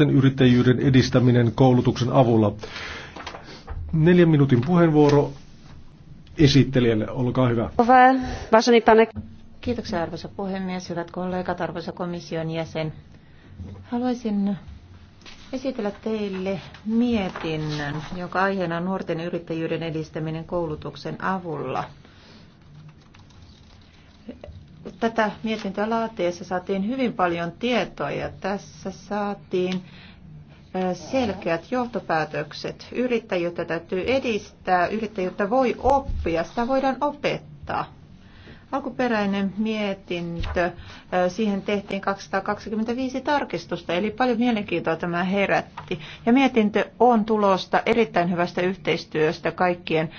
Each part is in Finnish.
yrittäjyyden edistäminen koulutuksen avulla. Neljän minuutin puheenvuoro esittelijälle, olkaa hyvä. Kiitoksia arvoisa puhemies, hyvät kollegat, arvoisa komission jäsen. Haluaisin esitellä teille mietinnön, jonka aiheena on nuorten yrittäjyyden edistäminen koulutuksen avulla tätä mietintöä laatiessa saatiin hyvin paljon tietoa ja tässä saatiin selkeät johtopäätökset. Yrittäjyyttä täytyy edistää, yrittäjyyttä voi oppia, sitä voidaan opettaa. Alkuperäinen mietintö, siihen tehtiin 225 tarkistusta, eli paljon mielenkiintoa tämä herätti. Ja mietintö on tulosta erittäin hyvästä yhteistyöstä kaikkien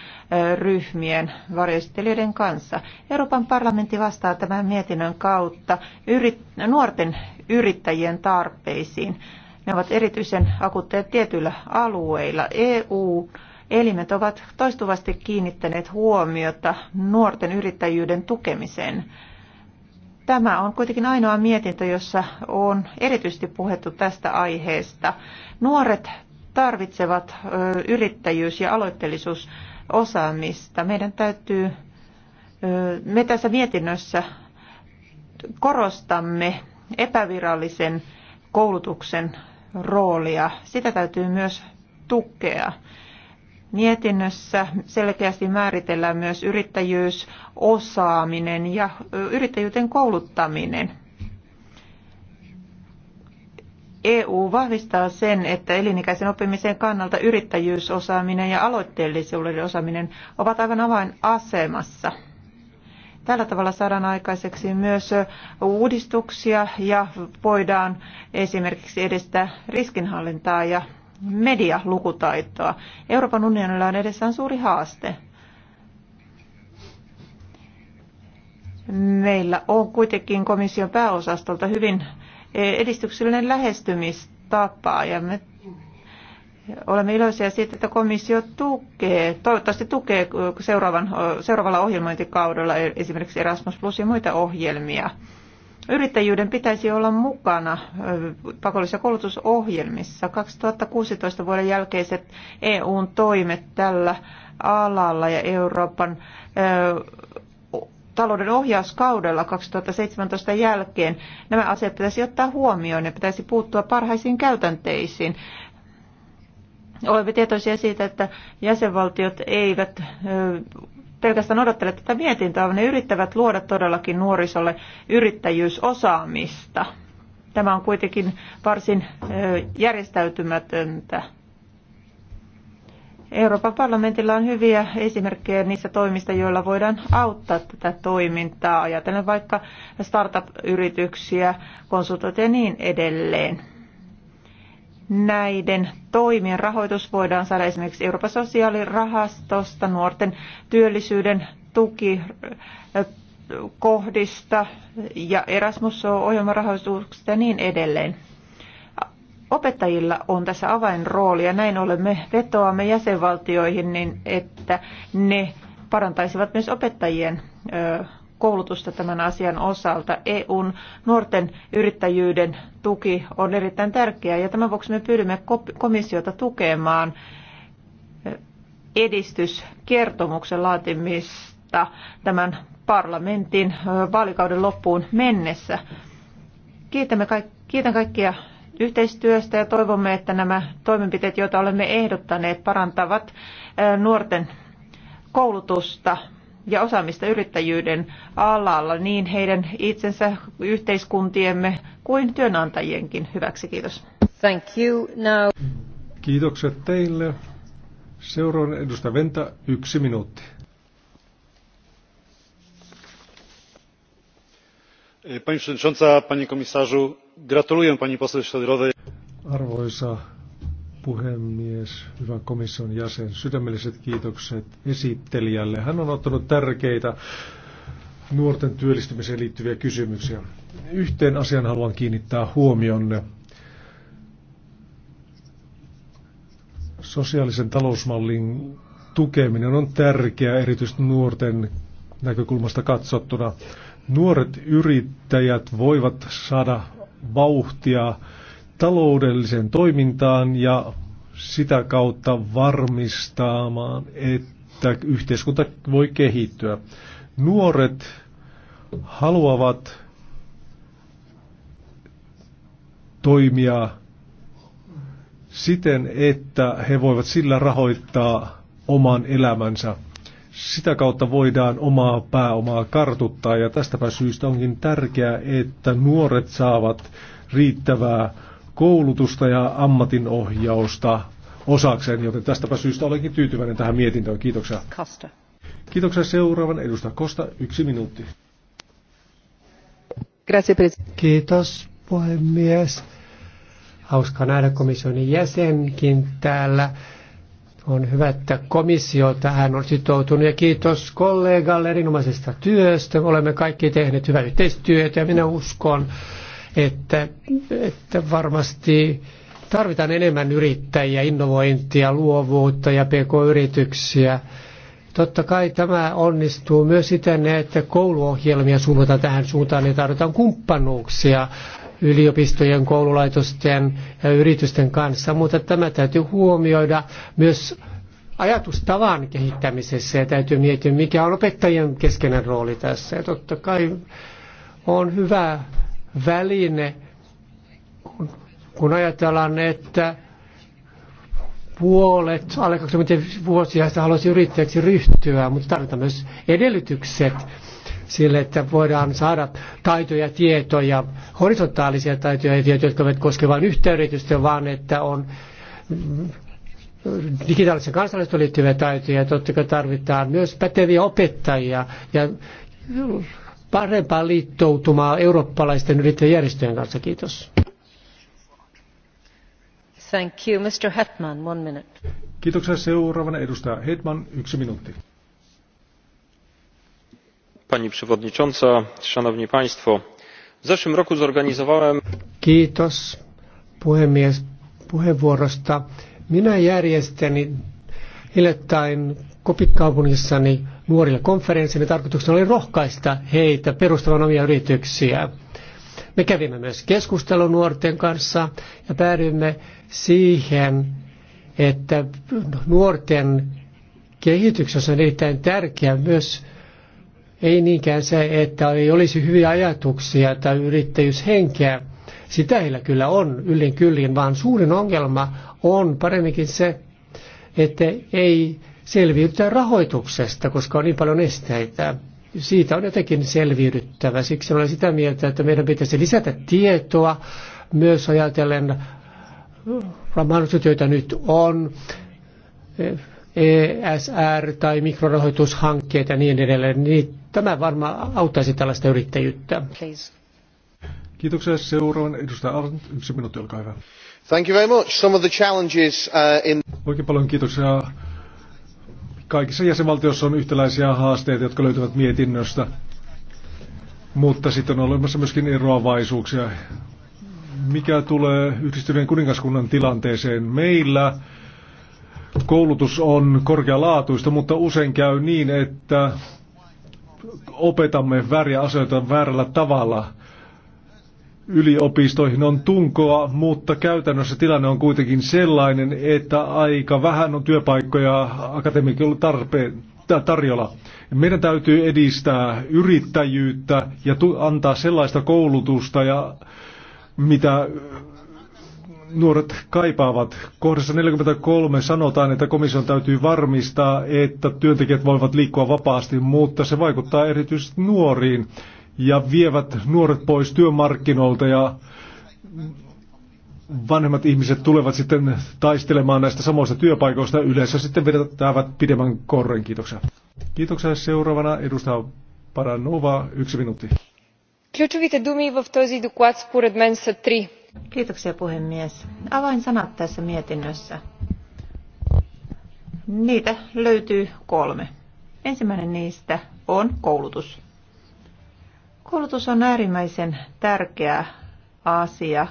ryhmien varjostelijoiden kanssa. Euroopan parlamentti vastaa tämän mietinnön kautta yrit, nuorten yrittäjien tarpeisiin. Ne ovat erityisen akuutteja tietyillä alueilla. EU elimet ovat toistuvasti kiinnittäneet huomiota nuorten yrittäjyyden tukemiseen. Tämä on kuitenkin ainoa mietintö, jossa on erityisesti puhettu tästä aiheesta. Nuoret tarvitsevat yrittäjyys- ja aloitteellisuusosaamista. Meidän täytyy, me tässä mietinnössä korostamme epävirallisen koulutuksen roolia. Sitä täytyy myös tukea. Mietinnössä selkeästi määritellään myös yrittäjyys, osaaminen ja yrittäjyyteen kouluttaminen. EU vahvistaa sen, että elinikäisen oppimisen kannalta yrittäjyysosaaminen ja aloitteellisuuden osaaminen ovat aivan avainasemassa. Tällä tavalla saadaan aikaiseksi myös uudistuksia ja voidaan esimerkiksi edistää riskinhallintaa ja medialukutaitoa. Euroopan unionilla on edessään suuri haaste. Meillä on kuitenkin komission pääosastolta hyvin edistyksellinen lähestymistapa ja me olemme iloisia siitä, että komissio tukee, toivottavasti tukee seuraavan, seuraavalla ohjelmointikaudella esimerkiksi Erasmus Plus ja muita ohjelmia. Yrittäjyyden pitäisi olla mukana pakollisissa koulutusohjelmissa. 2016 vuoden jälkeiset EUn toimet tällä alalla ja Euroopan talouden ohjauskaudella 2017 jälkeen nämä asiat pitäisi ottaa huomioon ja pitäisi puuttua parhaisiin käytänteisiin. Olemme tietoisia siitä, että jäsenvaltiot eivät pelkästään odottele tätä mietintöä, vaan ne yrittävät luoda todellakin nuorisolle yrittäjyysosaamista. Tämä on kuitenkin varsin järjestäytymätöntä. Euroopan parlamentilla on hyviä esimerkkejä niistä toimista, joilla voidaan auttaa tätä toimintaa. Ajatellen vaikka startup-yrityksiä, konsultointia ja niin edelleen näiden toimien rahoitus voidaan saada esimerkiksi Euroopan sosiaalirahastosta, nuorten työllisyyden tuki kohdista ja Erasmus-ohjelmarahoituksesta ja niin edelleen. Opettajilla on tässä avainrooli ja näin olemme vetoamme jäsenvaltioihin, niin että ne parantaisivat myös opettajien koulutusta tämän asian osalta. EUn nuorten yrittäjyyden tuki on erittäin tärkeää ja tämän vuoksi me pyydämme komissiota tukemaan edistyskertomuksen laatimista tämän parlamentin vaalikauden loppuun mennessä. Kiitämme kaik- kiitän kaikkia yhteistyöstä ja toivomme, että nämä toimenpiteet, joita olemme ehdottaneet, parantavat nuorten koulutusta ja osaamista yrittäjyyden alalla niin heidän itsensä yhteiskuntiemme kuin työnantajienkin hyväksi. Kiitos. Thank you. Now... Kiitokset teille. Seuraan edustaja Venta, yksi minuutti. Pani przewodnicząca, panie komisarzu, gratuluję pani poseł Szlederowej. Arvoisa puhemies, hyvä komission jäsen, sydämelliset kiitokset esittelijälle. Hän on ottanut tärkeitä nuorten työllistymiseen liittyviä kysymyksiä. Yhteen asian haluan kiinnittää huomionne. Sosiaalisen talousmallin tukeminen on tärkeää erityisesti nuorten näkökulmasta katsottuna. Nuoret yrittäjät voivat saada vauhtia taloudelliseen toimintaan ja sitä kautta varmistamaan, että yhteiskunta voi kehittyä. Nuoret haluavat toimia siten, että he voivat sillä rahoittaa oman elämänsä. Sitä kautta voidaan omaa pääomaa kartuttaa ja tästäpä syystä onkin tärkeää, että nuoret saavat riittävää koulutusta ja ammatinohjausta osakseen, joten tästäpä syystä olenkin tyytyväinen tähän mietintöön. Kiitoksia. Kosta. Kiitoksia seuraavan edustaja Kosta. Yksi minuutti. Kiitos puhemies. Hauska nähdä komission jäsenkin täällä. On hyvä, että komissio tähän on sitoutunut ja kiitos kollegalle erinomaisesta työstä. Olemme kaikki tehneet hyvää yhteistyötä ja minä uskon, että, että varmasti tarvitaan enemmän yrittäjiä, innovointia, luovuutta ja pk-yrityksiä. Totta kai tämä onnistuu myös siten, että kouluohjelmia suunnataan tähän suuntaan, niin tarvitaan kumppanuuksia yliopistojen, koululaitosten ja yritysten kanssa, mutta tämä täytyy huomioida myös ajatustavan kehittämisessä ja täytyy miettiä, mikä on opettajien keskeinen rooli tässä. Ja totta kai on hyvä väline, kun ajatellaan, että puolet alle 20-vuotiaista haluaisi yrittäjäksi ryhtyä, mutta tarvitaan myös edellytykset sille, että voidaan saada taitoja, tietoja, horisontaalisia taitoja ja tietoja, jotka eivät koske vain yhtä yritystä, vaan että on digitaalisen kansalaisuuteen liittyviä taitoja. Totta kai tarvitaan myös päteviä opettajia ja parempaa liittoutumaa eurooppalaisten yrittäjäjärjestöjen kanssa. Kiitos. Thank you, Mr. Hetman, one minute. Kiitoksia seuraavana edustaja Hetman, yksi minuutti. Pani przewodnicząca, szanowni państwo, w zeszłym roku zorganizowałem... Kiitos puhemies puheenvuorosta. Minä järjestin hiljattain kopikaupungissani nuorille konferenssimme tarkoituksena oli rohkaista heitä perustamaan omia yrityksiä. Me kävimme myös keskustelun nuorten kanssa ja päädyimme siihen, että nuorten kehityksessä on erittäin tärkeää myös ei niinkään se, että ei olisi hyviä ajatuksia tai yrittäjyyshenkeä. Sitä heillä kyllä on yllin kyllin, vaan suurin ongelma on paremminkin se, että ei selviytyä rahoituksesta, koska on niin paljon esteitä. Siitä on jotenkin selviydyttävä. Siksi olen sitä mieltä, että meidän pitäisi lisätä tietoa myös ajatellen äh, mahdollisuudet, joita nyt on, ESR tai mikrorahoitushankkeet ja niin edelleen. Niin tämä varmaan auttaisi tällaista yrittäjyyttä. Please. Kiitoksia. Seuraavan edustaja Arnt. yksi minuutti, olkaa hyvä. Thank you very much. Some of the challenges, uh, in... Oikein paljon kiitoksia Kaikissa jäsenvaltioissa on yhtäläisiä haasteita, jotka löytyvät mietinnöstä, mutta sitten on olemassa myöskin eroavaisuuksia. Mikä tulee yhdistyneen kuningaskunnan tilanteeseen? Meillä koulutus on korkealaatuista, mutta usein käy niin, että opetamme väriä asioita väärällä tavalla yliopistoihin on tunkoa, mutta käytännössä tilanne on kuitenkin sellainen, että aika vähän on työpaikkoja akatemikoilla tarpeen, tarjolla. Meidän täytyy edistää yrittäjyyttä ja antaa sellaista koulutusta, ja mitä nuoret kaipaavat. Kohdassa 43 sanotaan, että komission täytyy varmistaa, että työntekijät voivat liikkua vapaasti, mutta se vaikuttaa erityisesti nuoriin ja vievät nuoret pois työmarkkinoilta ja vanhemmat ihmiset tulevat sitten taistelemaan näistä samoista työpaikoista. Yleensä sitten vedetään pidemmän korren. Kiitoksia. Kiitoksia. Seuraavana edustaa Paranova. Yksi minuutti. Kiitoksia puhemies. sanat tässä mietinnössä. Niitä löytyy kolme. Ensimmäinen niistä on koulutus. Koulutus on äärimmäisen tärkeä asia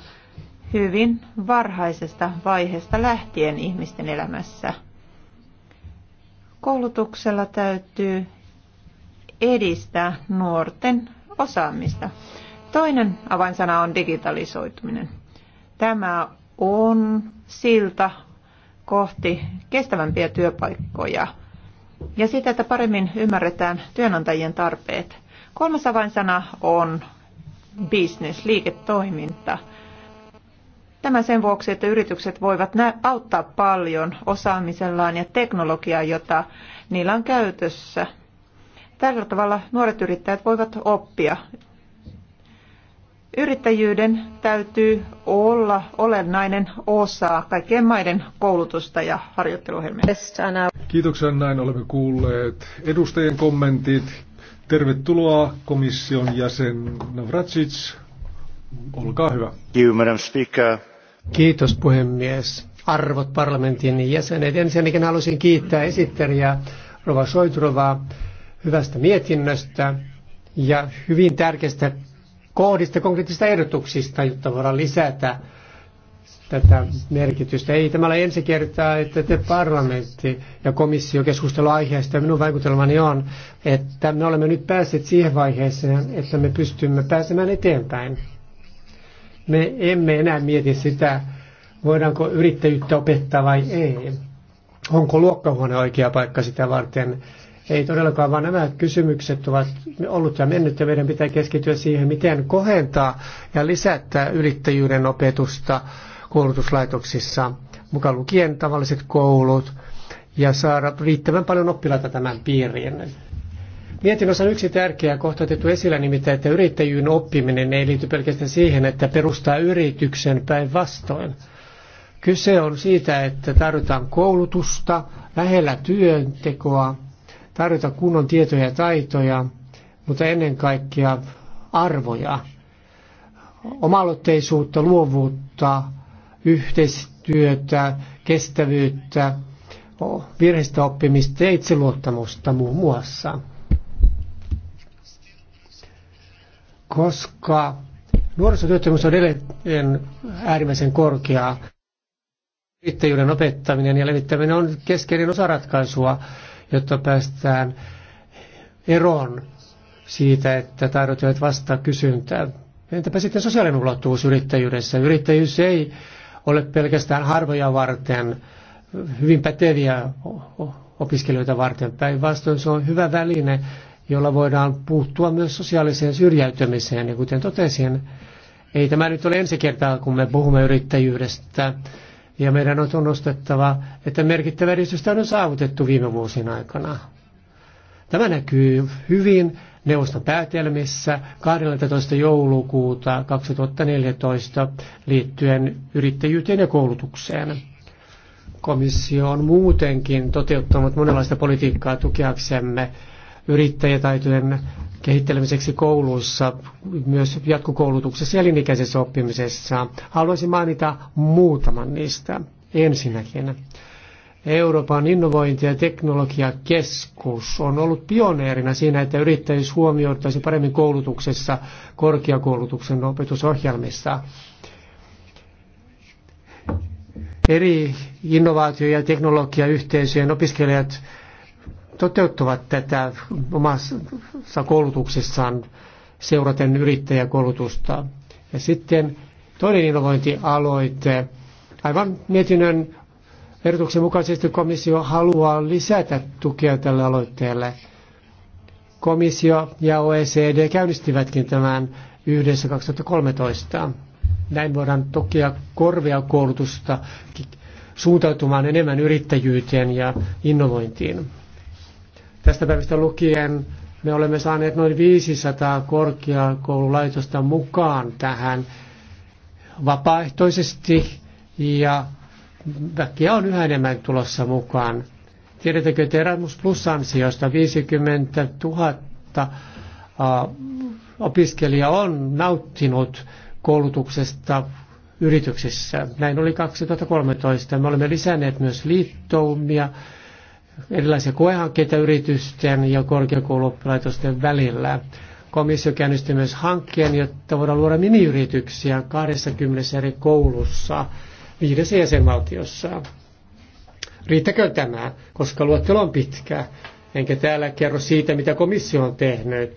hyvin varhaisesta vaiheesta lähtien ihmisten elämässä. Koulutuksella täytyy edistää nuorten osaamista. Toinen avainsana on digitalisoituminen. Tämä on silta kohti kestävämpiä työpaikkoja ja sitä, että paremmin ymmärretään työnantajien tarpeet. Kolmas avainsana on business, liiketoiminta. Tämä sen vuoksi, että yritykset voivat auttaa paljon osaamisellaan ja teknologiaa, jota niillä on käytössä. Tällä tavalla nuoret yrittäjät voivat oppia. Yrittäjyyden täytyy olla olennainen osa kaikkien maiden koulutusta ja harjoitteluohjelmia. Kiitoksia, näin olemme kuulleet edustajien kommentit. Tervetuloa komission jäsen Navracic. Olkaa hyvä. Kiitos puhemies. Arvot parlamentin jäsenet. Ensinnäkin haluaisin kiittää esittelijää Rova Soitrovaa hyvästä mietinnöstä ja hyvin tärkeistä kohdista, konkreettisista ehdotuksista, jotta voidaan lisätä tätä merkitystä. Ei tämä ole ensi kertaa, että te parlamentti ja komissio keskustelu aiheesta. Minun vaikutelmani on, että me olemme nyt päässeet siihen vaiheeseen, että me pystymme pääsemään eteenpäin. Me emme enää mieti sitä, voidaanko yrittäjyyttä opettaa vai ei. Onko luokkahuone oikea paikka sitä varten? Ei todellakaan, vaan nämä kysymykset ovat ollut ja mennyt ja meidän pitää keskittyä siihen, miten kohentaa ja lisätä yrittäjyyden opetusta koulutuslaitoksissa, mukaan lukien tavalliset koulut, ja saada riittävän paljon oppilaita tämän piiriin. Mietinnössä on yksi tärkeä kohta otettu esillä, nimittäin, että yrittäjyyden oppiminen ei liity pelkästään siihen, että perustaa yrityksen päinvastoin. Kyse on siitä, että tarvitaan koulutusta, lähellä työntekoa, tarvitaan kunnon tietoja ja taitoja, mutta ennen kaikkea arvoja, omaloitteisuutta, luovuutta, yhteistyötä, kestävyyttä, virheistä oppimista ja itseluottamusta muun muassa. Koska nuorisotyöttömyys on edelleen äärimmäisen korkeaa, yrittäjyyden opettaminen ja levittäminen on keskeinen osa ratkaisua, jotta päästään eroon siitä, että taidot eivät vastaa kysyntää. Entäpä sitten sosiaalinen ulottuvuus yrittäjyydessä? Yrittäjyys ei ole pelkästään harvoja varten, hyvin päteviä opiskelijoita varten. Päinvastoin se on hyvä väline, jolla voidaan puuttua myös sosiaaliseen syrjäytymiseen. Ja kuten totesin, ei tämä nyt ole ensi kertaa, kun me puhumme yrittäjyydestä. Ja meidän on tunnustettava, että merkittävä edistystä on saavutettu viime vuosien aikana. Tämä näkyy hyvin neuvoston päätelmissä 12. joulukuuta 2014 liittyen yrittäjyyteen ja koulutukseen. Komissio on muutenkin toteuttanut monenlaista politiikkaa tukeaksemme yrittäjätaitojen kehittelemiseksi kouluissa, myös jatkokoulutuksessa ja elinikäisessä oppimisessa. Haluaisin mainita muutaman niistä. Ensinnäkin Euroopan innovointi- ja teknologiakeskus on ollut pioneerina siinä, että yrittäjyys huomioitaisiin paremmin koulutuksessa, korkeakoulutuksen opetusohjelmissa. Eri innovaatio- ja teknologiayhteisöjen opiskelijat toteuttavat tätä omassa koulutuksessaan seuraten yrittäjäkoulutusta. Ja sitten toinen innovointialoite, aivan mietinnön Ehdotuksen mukaisesti komissio haluaa lisätä tukea tälle aloitteelle. Komissio ja OECD käynnistivätkin tämän yhdessä 2013. Näin voidaan toki korvea koulutusta suuntautumaan enemmän yrittäjyyteen ja innovointiin. Tästä päivästä lukien me olemme saaneet noin 500 korkeakoululaitosta mukaan tähän vapaaehtoisesti ja väkeä on yhä enemmän tulossa mukaan. Tiedätkö, että Erasmus Plus-ansiosta 50 000 opiskelija on nauttinut koulutuksesta yrityksissä. Näin oli 2013. Me olemme lisänneet myös liittoumia, erilaisia koehankkeita yritysten ja korkeakouluoppilaitosten välillä. Komissio käynnisti myös hankkeen, jotta voidaan luoda miniyrityksiä 20 eri koulussa viidessä jäsenvaltiossa. Riittäkö tämä, koska luettelo on pitkä, enkä täällä kerro siitä, mitä komissio on tehnyt,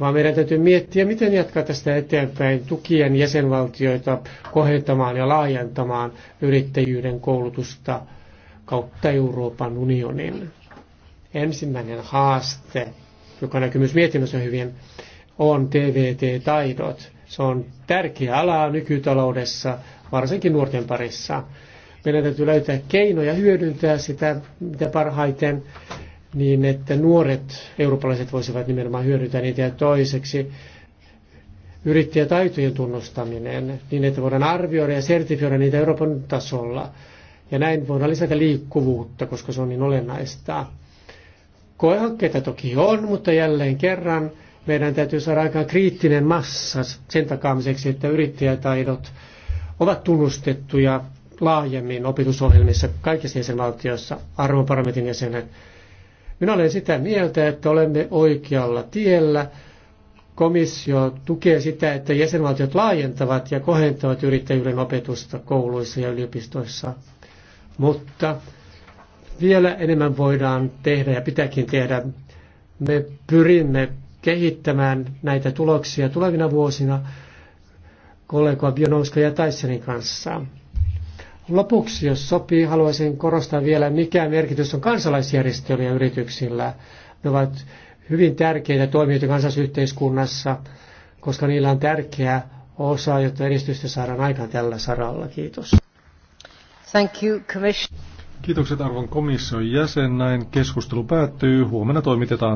vaan meidän täytyy miettiä, miten jatkaa tästä eteenpäin tukien jäsenvaltioita kohentamaan ja laajentamaan yrittäjyyden koulutusta kautta Euroopan unionin. Ensimmäinen haaste, joka näkyy myös mietinnössä hyvin, on TVT-taidot. Se on tärkeä ala nykytaloudessa, varsinkin nuorten parissa. Meidän täytyy löytää keinoja hyödyntää sitä mitä parhaiten, niin että nuoret eurooppalaiset voisivat nimenomaan hyödyntää niitä ja toiseksi yrittäjätaitojen tunnustaminen, niin että voidaan arvioida ja sertifioida niitä Euroopan tasolla. Ja näin voidaan lisätä liikkuvuutta, koska se on niin olennaista. Koehankkeita toki on, mutta jälleen kerran – meidän täytyy saada aika kriittinen massa sen takaamiseksi, että yrittäjätaidot ovat tunnustettuja laajemmin opetusohjelmissa kaikissa jäsenvaltioissa armo-parametin jäsenen. Minä olen sitä mieltä, että olemme oikealla tiellä. Komissio tukee sitä, että jäsenvaltiot laajentavat ja kohentavat yrittäjyyden opetusta kouluissa ja yliopistoissa. Mutta vielä enemmän voidaan tehdä ja pitääkin tehdä. Me pyrimme kehittämään näitä tuloksia tulevina vuosina kollega Bionouska ja Tysonin kanssa. Lopuksi, jos sopii, haluaisin korostaa vielä, mikä merkitys on kansalaisjärjestöillä ja yrityksillä. Ne ovat hyvin tärkeitä toimijoita kansalaisyhteiskunnassa, koska niillä on tärkeä osa, jotta edistystä saadaan aikaan tällä saralla. Kiitos. Thank you, Kiitokset arvon komission jäsen. Näin keskustelu päättyy. Huomenna toimitetaan